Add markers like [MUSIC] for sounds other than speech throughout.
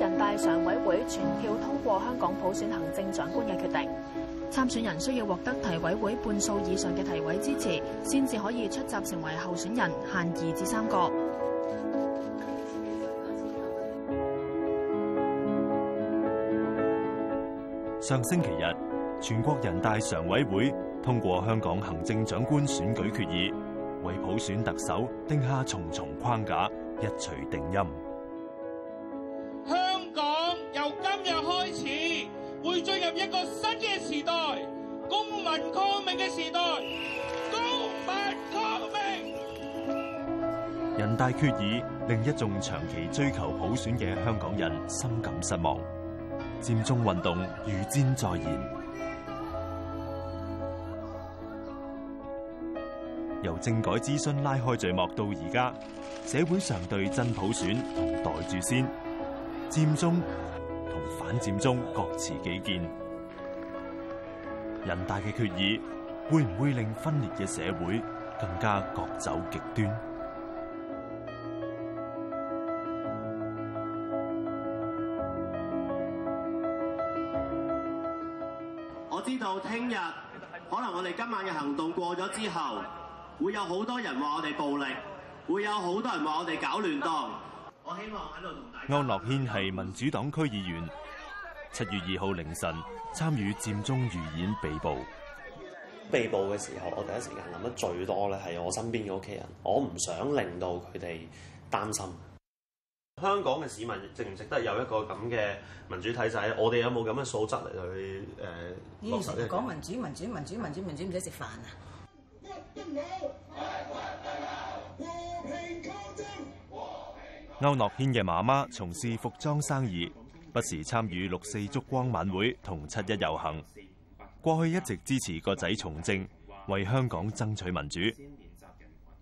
人大常委會全票通過香港普選行政長官嘅決定。參選人需要獲得提委會半數以上嘅提委支持，先至可以出閘成為候選人，限二至三個。上星期日，全國人大常委會通過香港行政長官選舉決議，為普選特首定下重重框架，一錘定音。抗命嘅時代，公民抗命。人大決議令一眾長期追求普選嘅香港人深感失望，佔中運動如箭在弦。由政改諮詢拉開序幕到而家，社會上對真普選同袋住先、佔中同反佔中各持己見。人大嘅決議會唔會令分裂嘅社會更加各走極端？我知道聽日可能我哋今晚嘅行動過咗之後，會有好多人話我哋暴力，會有好多人話我哋搞亂檔。我希望喺度同大家，安樂軒係民主黨區議員。七月二號凌晨，參與佔中預演被捕。被捕嘅時候，我第一時間諗得最多咧，係我身邊嘅屋企人，我唔想令到佢哋擔心。香港嘅市民值唔值得有一個咁嘅民主體制？我哋有冇咁嘅素質嚟去誒？講、呃、民主，民主，民主，民主，民主唔使食飯啊！歐諾軒嘅媽媽從事服裝生意。不時參與六四燭光晚會同七一遊行，過去一直支持個仔從政，為香港爭取民主。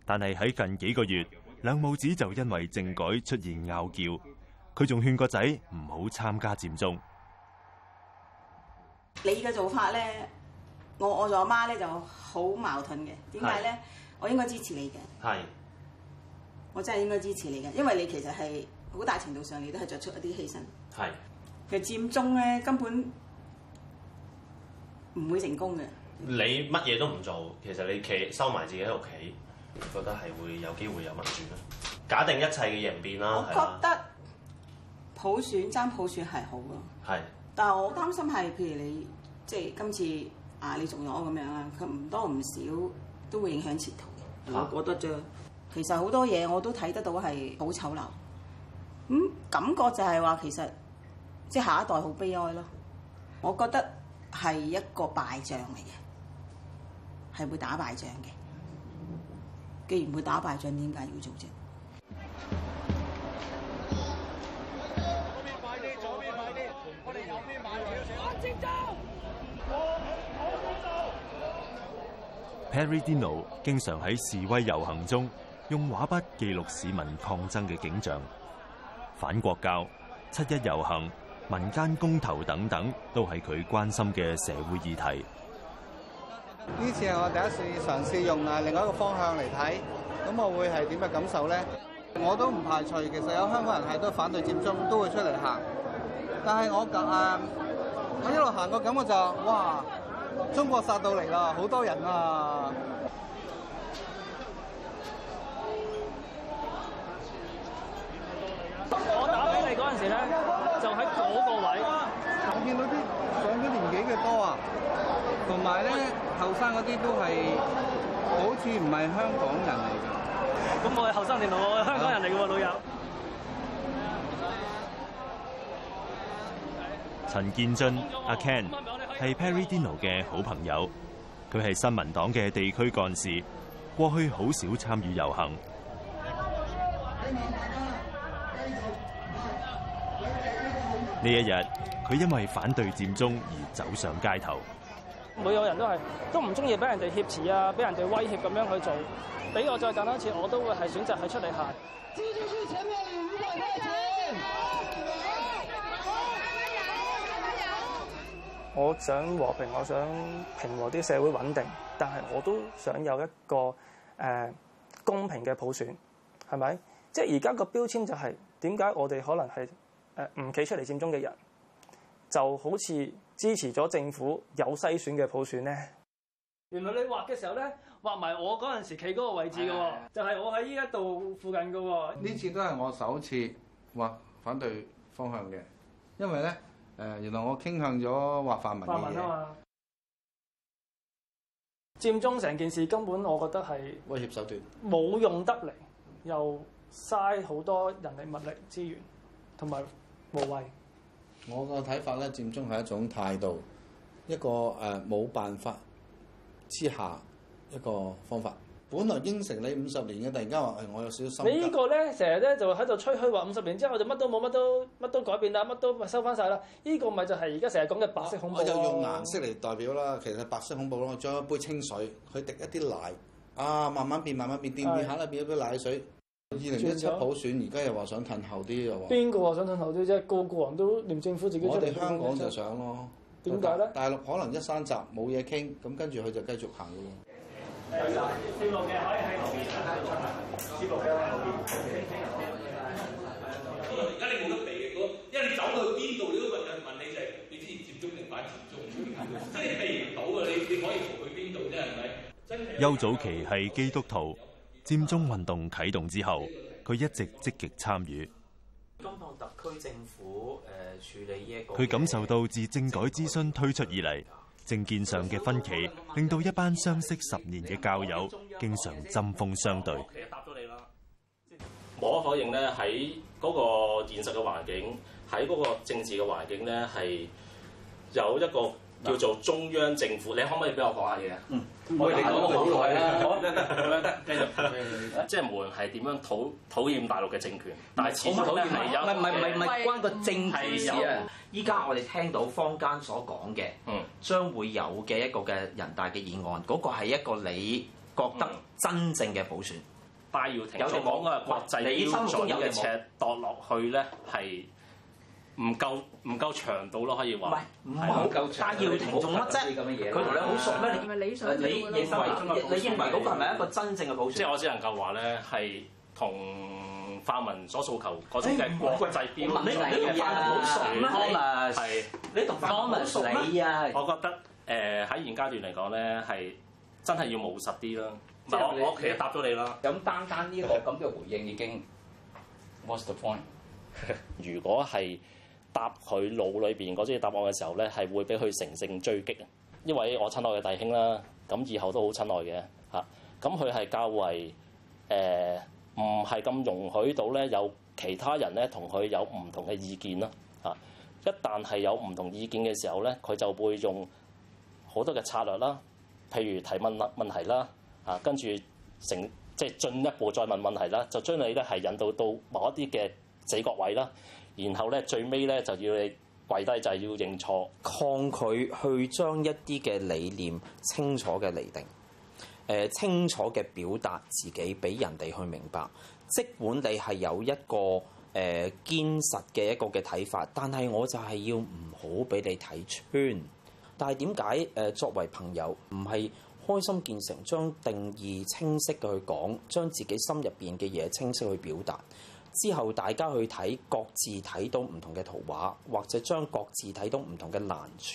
但係喺近幾個月，兩母子就因為政改出現拗撬，佢仲勸個仔唔好參加佔中。你嘅做法咧，我我做阿媽咧就好矛盾嘅。點解咧？是我應該支持你嘅。係是。我真係應該支持你嘅，因為你其實係好大程度上，你都係作出一啲犧牲。係，其實是佔中咧根本唔會成功嘅。你乜嘢都唔做，其實你企收埋自己喺屋企，你覺得係會有機會有民主咧？假定一切嘅嘢唔變啦，啦。我覺得普選爭嗎普選係好啊。係是，但係我擔心係，譬如你即係今次啊，你中咗咁樣啊，佢唔多唔少都會影響前途嘅。啊、我覺得啫，其實好多嘢我都睇得到係好醜陋。咁、嗯、感覺就係話其實。即係下一代好悲哀咯，我覺得係一個敗仗嚟嘅，係會打敗仗嘅。既然會打敗仗，點解要做啫？Perry Dino 經常喺示威遊行中用畫筆記錄市民抗爭嘅景象，反國教、七一遊行。民間公投等等，都係佢關心嘅社會議題。呢次係我第一次嘗試用啊另一個方向嚟睇，咁我會係點嘅感受咧？我都唔排除，其實有香港人係都反對佔中，都會出嚟行。但係我啊，我一路行個感覺就哇，中國殺到嚟啦，好多人啊！我打俾你嗰陣時咧。就喺左個位，啊，我見到啲上咗年紀嘅多啊，同埋咧後生嗰啲都係好似唔係香港人嚟㗎。咁我係後生年齡，我係香港人嚟㗎喎，啊、老友。陳建俊阿、啊、Ken 係 Perry Dino 嘅好朋友，佢係新民黨嘅地區幹事，過去好少參與遊行。呢一日佢因為反對佔中而走上街頭。每個人都係都唔中意俾人哋挾持啊，俾人哋威脅咁樣去做。俾我再揀多次，我都會係選擇去出嚟行。我想和平，我想平和啲社會穩定，但係我都想有一個誒、呃、公平嘅普選，係咪？即係而家個標籤就係點解我哋可能係？誒唔企出嚟佔中嘅人，就好似支持咗政府有篩選嘅普選咧。原來你畫嘅時候咧，畫埋我嗰陣時企嗰個位置嘅喎，哎、呀就係我喺依一度附近嘅喎。呢次都係我首次畫反對方向嘅，因為咧誒、呃、原來我傾向咗畫泛民嘅嘢。泛民吖嘛，佔中成件事根本我覺得係威脅手段，冇用得嚟，又嘥好多人力物力資源，同埋。無謂。我個睇法咧，佔中係一種態度，一個誒冇、呃、辦法之下一個方法。本來應承你五十年嘅，突然間話誒、哎、我有少少心。你呢個咧，成日咧就喺度吹噓話，五十年之後就乜都冇，乜都乜都改變啦，乜都收翻晒啦。呢、這個咪就係而家成日講嘅白色恐怖、啊啊、我就用顏色嚟代表啦，其實白色恐怖咯，我將一杯清水去滴一啲奶，啊慢慢變慢慢變掂變下啦，的變一杯奶水。二零一七普選，而家又話想褪後啲又話。邊個話想褪後啲啫？個個人都連政府自己。我哋香港就想咯。點解咧？大陸可能一山集冇嘢傾，咁跟住佢就繼續行咯。四路嘅可以係六路，四路嘅可以係六路。不過而家你冇得避嘅，因為你走到去邊度，你都個人問你就係你之前佔中定反佔中，即係避唔到㗎。你你可以逃去邊度啫？係咪？丘早期係基督徒。佔中運動啟動之後，佢一直積極參與。佢感受到自政改諮詢推出以嚟，政見上嘅分歧，令到一班相識十年嘅教友經常針鋒相對。其實答咗你啦，無可否認咧，喺嗰個現實嘅環境，喺嗰個政治嘅環境咧，係有一個叫做中央政府。你可唔可以俾我講下嘢啊？嗯我哋講好耐啦，得得繼續。即係無論係點樣討討厭大陸嘅政權，但係始終都係有。唔係唔係唔係唔係關個政治事啊！依家我哋聽到坊間所講嘅，嗯，將會有嘅一個嘅人大嘅議案，嗰個係一個你覺得真正嘅補選。戴耀廷講嘅係國際，你心中有嘅尺墮落去咧，係。唔夠唔夠長度咯，可以話。唔係唔係好夠長，但要同做乜啫？佢同你好熟咩？你認為理你你個係咪一個真正嘅保障？即係我只能夠話咧，係同泛民所訴求嗰種嘅國際標準。你同泛民好熟咩？你同泛民熟啊。我覺得誒喺現階段嚟講咧，係真係要務實啲咯。我其實答咗你啦。咁單單呢個咁嘅回應已經，what's the point？如果係答佢腦裏邊嗰啲答案嘅時候咧，係會俾佢乘勝追擊啊！呢位我親愛嘅弟兄啦，咁以後都好親愛嘅嚇。咁佢係較為誒，唔係咁容許到咧有其他人咧同佢有唔同嘅意見啦嚇、啊。一旦係有唔同意見嘅時候咧，佢就會用好多嘅策略啦，譬如提問問問題啦嚇、啊，跟住成即係進一步再問問題啦，就將你咧係引導到某一啲嘅死角位啦。然後咧，最尾咧就要你跪低，就係、是、要認錯，抗拒去將一啲嘅理念清楚嘅釐定，誒、呃、清楚嘅表達自己俾人哋去明白。即管你係有一個誒堅、呃、實嘅一個嘅睇法，但係我就係要唔好俾你睇穿。但係點解誒作為朋友唔係開心見誠將定義清晰嘅去講，將自己心入邊嘅嘢清晰去表達？之後大家去睇各自睇到唔同嘅圖畫，或者將各自睇到唔同嘅難處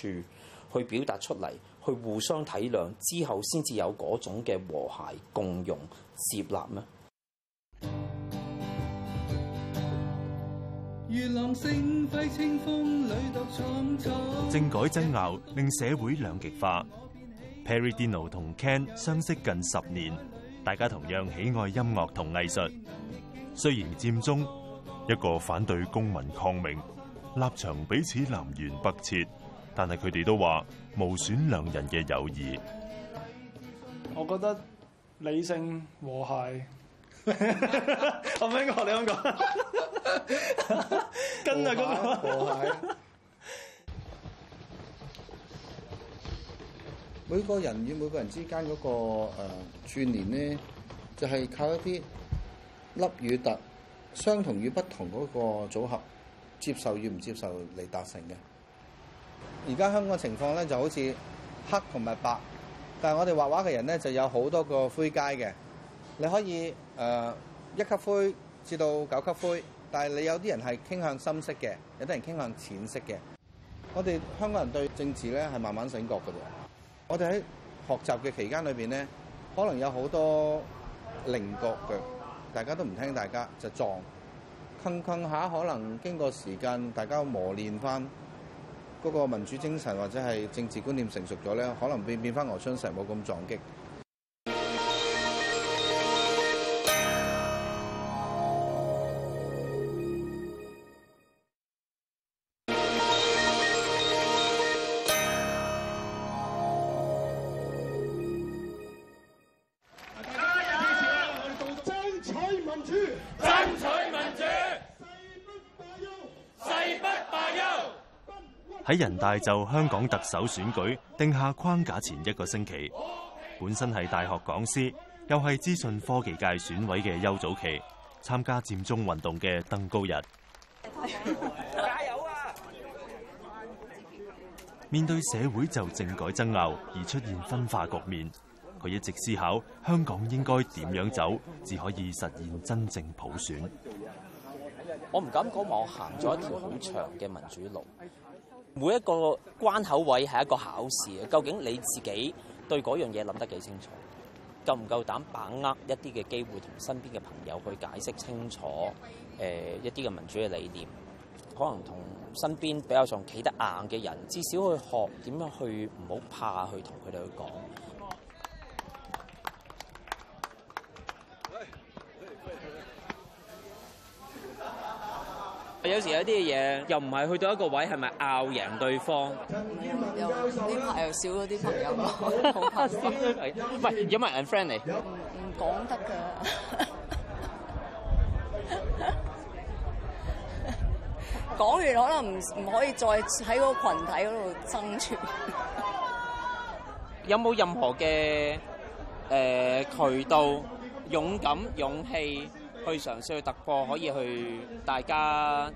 去表達出嚟，去互相體諒之後，先至有嗰種嘅和諧共融接納咩？政改爭拗令社會兩極化。Peridino 同 Ken 相識近十年，大家同樣喜愛音樂同藝術。雖然佔中，一個反對公民抗命，立場彼此南轅北轍，但係佢哋都話無損兩人嘅友誼。我覺得理性和諧，我唔應該學你咁講？真係嗰個。 [LAUGHS] 和諧每個人與每個人之間嗰個誒串聯呢，就係、是、靠一啲。粒與特相同與不同嗰個組合，接受與唔接受嚟達成嘅。而家香港情況咧就好似黑同埋白，但係我哋畫畫嘅人咧就有好多個灰階嘅。你可以誒、呃、一級灰至到九級灰，但係你有啲人係傾向深色嘅，有啲人傾向淺色嘅。我哋香港人對政治咧係慢慢醒覺嘅。我哋喺學習嘅期間裏邊咧，可能有好多靈覺嘅。大家都唔聽，大家就撞，坑坑下可能經過時間大家磨練翻嗰個民主精神或者係政治觀念成熟咗咧，可能變變翻鵝春石冇咁撞擊。喺人大就香港特首選舉定下框架前一個星期，本身係大學講師又係資訊科技界選委嘅邱早期參加佔中運動嘅登高人，加油啊！面對社會就政改爭拗而出現分化局面，佢一直思考香港應該點樣走，至可以實現真正普選。我唔敢講，我行咗一條好長嘅民主路。每一個關口位係一個考試，究竟你自己對嗰樣嘢諗得幾清楚？夠唔夠膽把握一啲嘅機會，同身邊嘅朋友去解釋清楚？誒、呃，一啲嘅民主嘅理念，可能同身邊比較上企得硬嘅人，至少去學點樣去唔好怕去同佢哋去講。有時有啲嘅嘢，又唔係去到一個位，係咪拗贏對方？呢排又少咗啲朋友，好怕事。唔係，因為係 friend 嚟。唔唔講得㗎，講完可能唔唔可以再喺個羣體嗰度生存。有冇任何嘅誒渠道、勇敢、勇氣？去嘗試去突破，可以去大家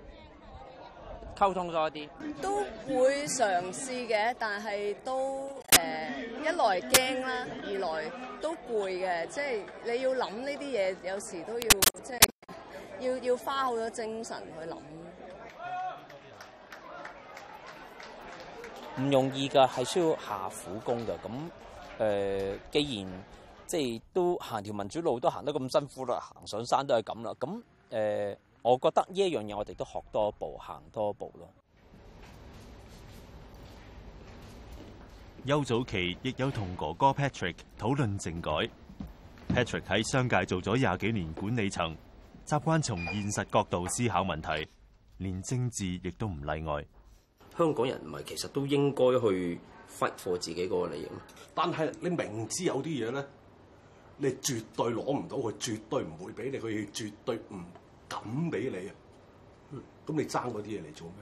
溝通多啲，都會嘗試嘅，但係都誒，一來驚啦，二來都攰嘅，即係你要諗呢啲嘢，有時都要即係要要花好多精神去諗，唔容易㗎，係需要下苦功㗎。咁誒，既然即係都行條民主路都行得咁辛苦啦，行上山都係咁啦。咁誒、呃，我覺得呢一樣嘢我哋都學多一步，行多一步咯。邱早期亦有同哥哥 Patrick 討論政改。Patrick 喺商界做咗廿幾年管理層，習慣從現實角度思考問題，連政治亦都唔例外。香港人唔係，其實都應該去揮霍自己嗰個利益。但係你明知有啲嘢咧？你絕對攞唔到，佢絕對唔會俾你，佢絕對唔敢俾你啊！咁、嗯、你爭嗰啲嘢嚟做咩？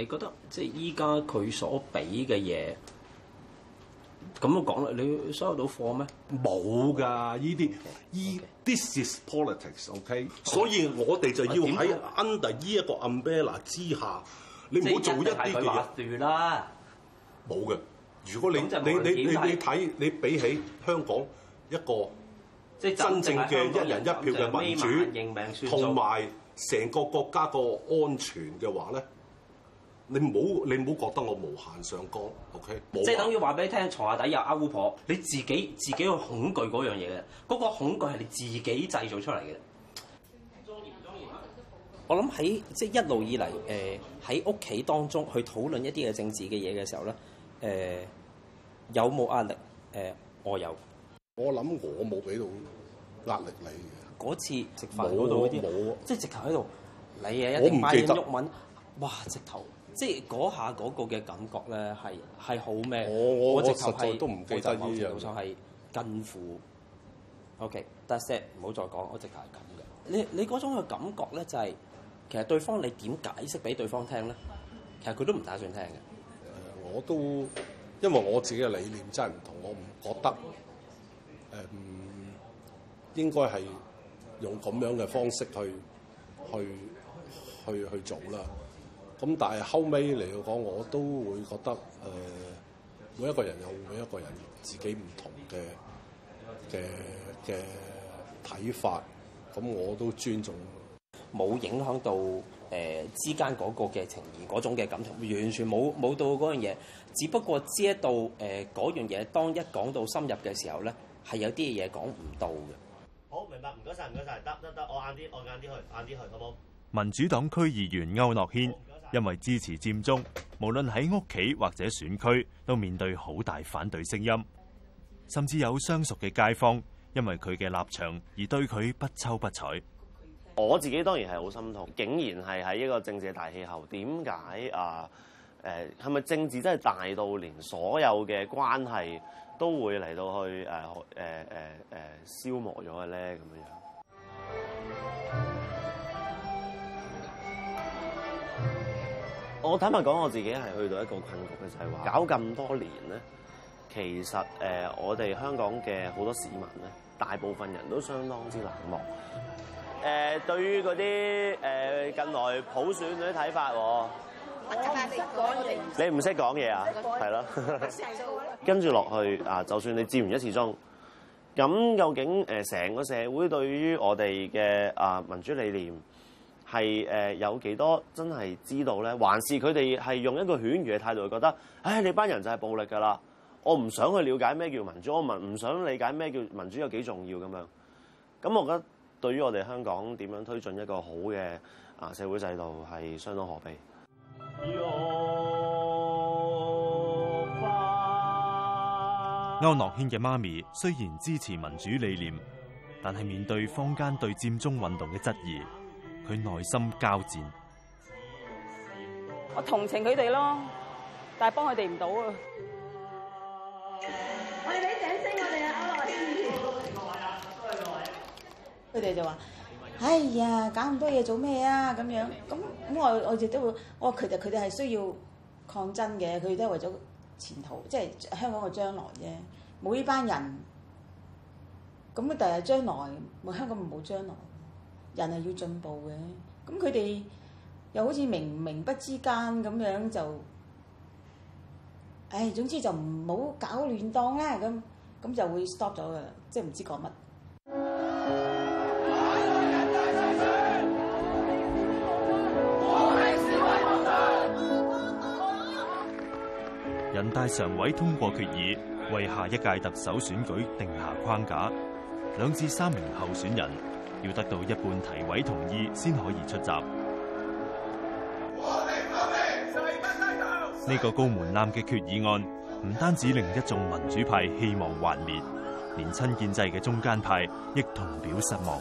你覺得即係依家佢所俾嘅嘢咁樣講啦，你收到貨咩？冇㗎，依啲依，this is politics，OK、okay？Okay. 所以我哋就要喺 under 呢一個 umbrella 之下，你唔好做一啲嘅嘢。斷啦！冇嘅。如果你你你你你睇你，你比起香港一個。即係真正嘅一人一票嘅民主，同埋成個國家個安全嘅話咧，你唔好你唔好覺得我無限上綱，OK？即係等於話俾你聽，床下底有阿巫婆，你自己自己去恐懼嗰樣嘢嘅，嗰個恐懼係你自己製造出嚟嘅。我諗喺即係一路以嚟，誒喺屋企當中去討論一啲嘅政治嘅嘢嘅時候咧，誒、呃、有冇壓力？誒、呃、我有。我諗我冇俾到壓力你嘅。嗰次食飯嗰度嗰啲，即係直頭喺度，你啊一定擺住鬱文。哇！直頭，即係嗰下嗰個嘅感覺咧，係係好咩？我我，直是我實在都唔記得呢嘢。冇錯係近乎，OK，但係 set 唔好再講，我直頭係咁嘅。你你嗰種嘅感覺咧，就是，就係其實對方你點解釋俾對方聽咧？其實佢都唔打算聽嘅。誒，我都因為我自己嘅理念真係唔同，我唔覺得。誒唔、嗯、應該係用咁樣嘅方式去去去去做啦。咁但係後尾嚟到講，我都會覺得誒、呃、每一個人有每一個人自己唔同嘅嘅嘅睇法，咁我都尊重，冇影響到誒、呃、之間嗰個嘅情誼、嗰種嘅感情，完全冇冇到嗰樣嘢。只不過知道誒嗰樣嘢，當一講到深入嘅時候咧。係有啲嘢講唔到嘅。好明白，唔該晒，唔該晒，得得得，我晏啲，我晏啲去，晏啲去，好冇？民主黨區議員區諾軒因為支持佔中，無論喺屋企或者選區，都面對好大反對聲音，甚至有相熟嘅街坊因為佢嘅立場而對佢不瞅不睬。我自己當然係好心痛，竟然係喺一個政治大氣候，點解啊？誒係咪政治真係大到連所有嘅關係都會嚟到去誒誒誒誒消磨咗嘅咧？咁樣，我坦白講，我自己係去到一個困局嘅。就係話搞咁多年咧，其實誒我哋香港嘅好多市民咧，大部分人都相當之冷漠。誒對於嗰啲誒近來普選嗰啲睇法喎。你唔識講嘢啊？係咯，跟住落去啊。就算你佔完一次鐘。咁究竟成個社會對於我哋嘅啊民主理念係有幾多真係知道咧？還是佢哋係用一個犬儒嘅態度，去覺得唉、哎，你班人就係暴力噶啦。我唔想去了解咩叫民主，我唔唔想理解咩叫民主有幾重要咁樣。咁我覺得對於我哋香港點樣推進一個好嘅啊社會制度係相當可悲。歐諾軒嘅媽咪雖然支持民主理念，但係面對坊間對佔中運動嘅質疑，佢內心交戰。我同情佢哋咯，但係幫佢哋唔到啊！我哋俾聲我哋啊！歐諾軒，多謝各位啊，多謝各位。佢哋就話。哎呀，搞咁多嘢做咩啊？咁樣，咁咁、啊、我我亦都會，我佢哋佢哋係需要抗爭嘅，佢哋都係為咗前途，即係香港嘅將來啫。冇呢班人，咁啊第日將來，冇香港冇將來。人係要進步嘅，咁佢哋又好似明明不之間咁樣就，唉，總之就唔好搞亂當啦，咁咁就會 stop 咗嘅，即係唔知講乜。人大常委通過決議，為下一屆特首選舉定下框架。兩至三名候選人要得到一半提委同意，先可以出閘。呢個高門檻嘅決議案，唔單止令一眾民主派希望幻滅，連親建制嘅中間派亦同表失望。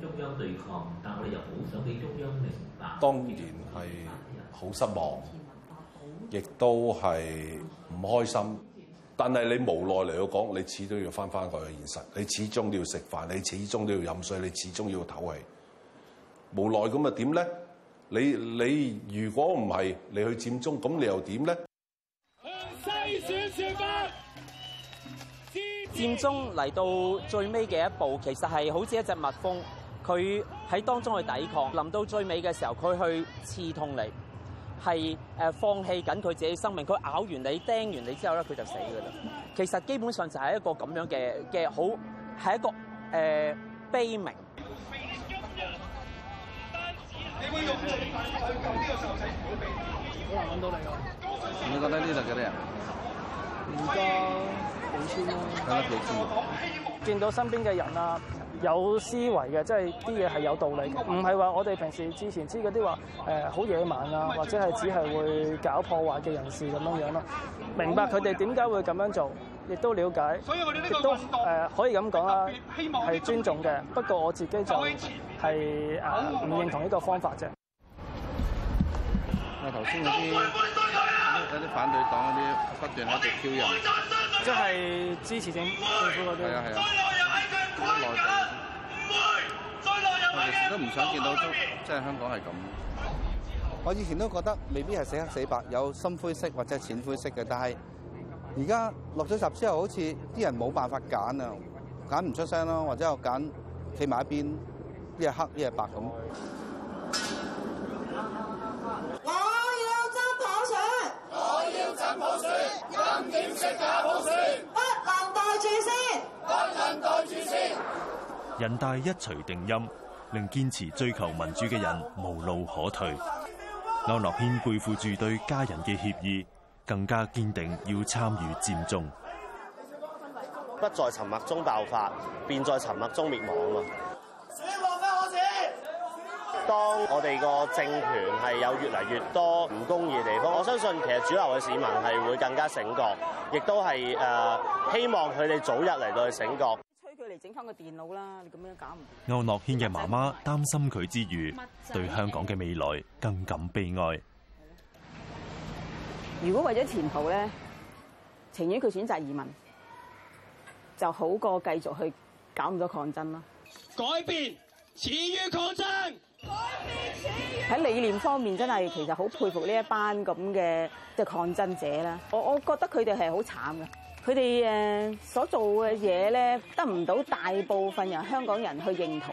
中央對抗，但係我哋又好想俾中央明白。當然係。好失望，亦都係唔開心。但係你無奈嚟到講，你始終要翻翻去現實。你始終都要食飯，你始終都要飲水，你始終要唞氣。無奈咁啊，點咧？你你如果唔係你去佔中，咁你又點咧？向西選全吧！佔中嚟到最尾嘅一步，其實係好似一隻蜜蜂，佢喺當中去抵抗，臨到最尾嘅時候，佢去刺痛你。係放棄緊佢自己生命，佢咬完你釘完你之後咧，佢就死㗎啦。其實基本上就係一個咁樣嘅嘅好，係一個誒、呃、悲鳴。你覺得呢度幾多人？唔多，幾千啦。幾千。見到身邊嘅人啦有思維嘅，即係啲嘢係有道理嘅，唔係話我哋平時之前知嗰啲話誒好野蠻啊，或者係只係會搞破壞嘅人士咁樣樣咯。明白佢哋點解會咁樣做，亦都了解，亦都誒、呃、可以咁講啦，係尊重嘅。不過我自己就係誒唔認同呢個方法啫。我頭先嗰啲有啲反對黨嗰啲不斷喺度挑釁，即係支持政政府嗰啲。我哋都唔想見到都，即係香港係咁。我以前都覺得未必係死黑死白，有深灰色或者淺灰色嘅。但係而家落咗閘之後，好似啲人冇辦法揀啊，揀唔出聲咯，或者我揀企埋一邊，一係黑一係白咁。我要執跑水，我要執好水，陰天識打好水，不能袋住先。人大一錘定音，令堅持追求民主嘅人無路可退。歐樂軒背負住對家人嘅協議，更加堅定要參與佔中。不在沉默中爆發，便在沉默中滅亡啦！我，當我哋個政權係有越嚟越多唔公義嘅地方，我相信其實主流嘅市民係會更加醒覺，亦都係誒、呃、希望佢哋早日嚟到去醒覺。整翻個電腦啦！你咁樣搞唔到。歐諾軒嘅媽媽擔心佢之餘，製對香港嘅未來更感悲哀。如果為咗前途咧，情願佢選擇移民，就好過繼續去搞唔到抗爭囉。改變，始於抗爭。改變，始於抗爭。喺理念方面，真係其實好佩服呢一班咁嘅即係抗爭者啦。我我覺得佢哋係好慘嘅。佢哋誒所做嘅嘢咧，得唔到大部分人香港人去認同。